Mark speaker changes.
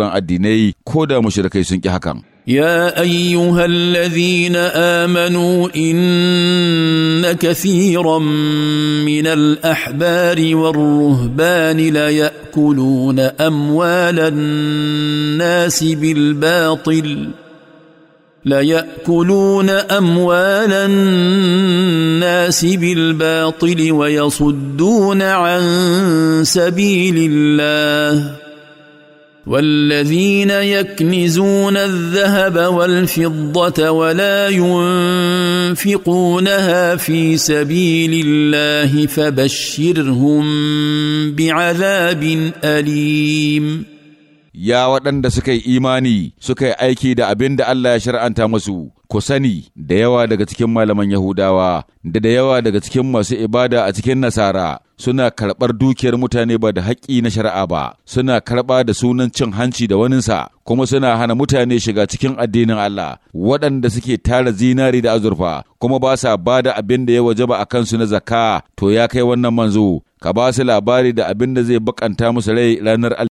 Speaker 1: sauran addinai ko da mushrikai sun ƙi hakan.
Speaker 2: يا ايها الذين امنوا ان كثيرا من الاحبار والرهبان لياكلون اموال الناس بالباطل لياكلون اموال الناس بالباطل ويصدون عن سبيل الله والذين يكنزون الذهب والفضه ولا ينفقونها في سبيل الله فبشرهم
Speaker 1: بعذاب اليم يا ودن سكي إيماني سكي suka yi الله da abin da ku sani da yawa daga cikin malaman Yahudawa da da yawa daga cikin masu ibada a cikin Nasara suna karɓar dukiyar mutane ba da haƙƙi na shari'a ba, suna karɓa da sunan cin hanci da waninsa, kuma suna hana mutane shiga cikin addinin Allah, waɗanda suke tara zinari da azurfa, kuma ba sa ba da abin da ya wajaba a kansu na zakka, to ya kai wannan manzo, ka ba su labari da abin da zai bakanta musu rai ranar